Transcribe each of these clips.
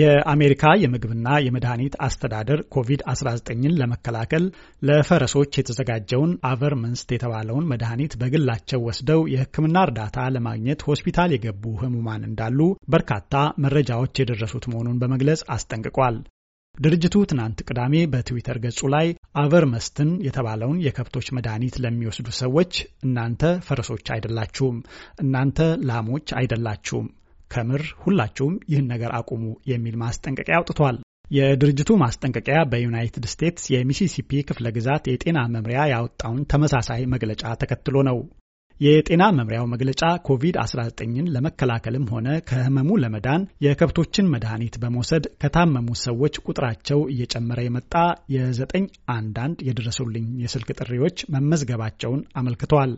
የአሜሪካ የምግብና የመድኃኒት አስተዳደር ኮቪድ-19ን ለመከላከል ለፈረሶች የተዘጋጀውን አቨር መንስት የተባለውን መድኃኒት በግላቸው ወስደው የሕክምና እርዳታ ለማግኘት ሆስፒታል የገቡ ህሙማን እንዳሉ በርካታ መረጃዎች የደረሱት መሆኑን በመግለጽ አስጠንቅቋል። ድርጅቱ ትናንት ቅዳሜ በትዊተር ገጹ ላይ አቨርመስትን የተባለውን የከብቶች መድኃኒት ለሚወስዱ ሰዎች እናንተ ፈረሶች አይደላችሁም፣ እናንተ ላሞች አይደላችሁም፣ ከምር ሁላችሁም ይህን ነገር አቁሙ የሚል ማስጠንቀቂያ አውጥቷል። የድርጅቱ ማስጠንቀቂያ በዩናይትድ ስቴትስ የሚሲሲፒ ክፍለ ግዛት የጤና መምሪያ ያወጣውን ተመሳሳይ መግለጫ ተከትሎ ነው። የጤና መምሪያው መግለጫ ኮቪድ-19ን ለመከላከልም ሆነ ከህመሙ ለመዳን የከብቶችን መድኃኒት በመውሰድ ከታመሙ ሰዎች ቁጥራቸው እየጨመረ የመጣ የዘጠኝ አንዳንድ የደረሱልኝ የስልክ ጥሪዎች መመዝገባቸውን አመልክተዋል።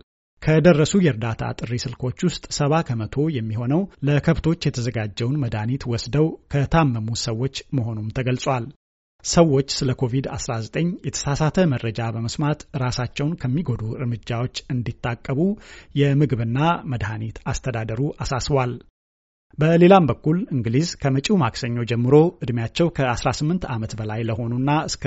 ከደረሱ የእርዳታ ጥሪ ስልኮች ውስጥ ሰባ ከመቶ የሚሆነው ለከብቶች የተዘጋጀውን መድኃኒት ወስደው ከታመሙ ሰዎች መሆኑም ተገልጿል። ሰዎች ስለ ኮቪድ-19 የተሳሳተ መረጃ በመስማት ራሳቸውን ከሚጎዱ እርምጃዎች እንዲታቀቡ የምግብና መድኃኒት አስተዳደሩ አሳስቧል። በሌላም በኩል እንግሊዝ ከመጪው ማክሰኞ ጀምሮ ዕድሜያቸው ከ18 ዓመት በላይ ለሆኑና እስከ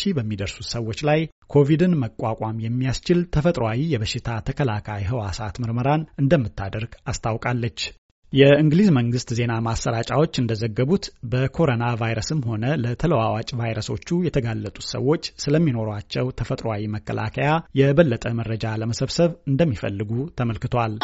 ሺህ በሚደርሱ ሰዎች ላይ ኮቪድን መቋቋም የሚያስችል ተፈጥሯዊ የበሽታ ተከላካይ ህዋሳት ምርመራን እንደምታደርግ አስታውቃለች። የእንግሊዝ መንግስት ዜና ማሰራጫዎች እንደዘገቡት በኮሮና ቫይረስም ሆነ ለተለዋዋጭ ቫይረሶቹ የተጋለጡት ሰዎች ስለሚኖሯቸው ተፈጥሯዊ መከላከያ የበለጠ መረጃ ለመሰብሰብ እንደሚፈልጉ ተመልክቷል።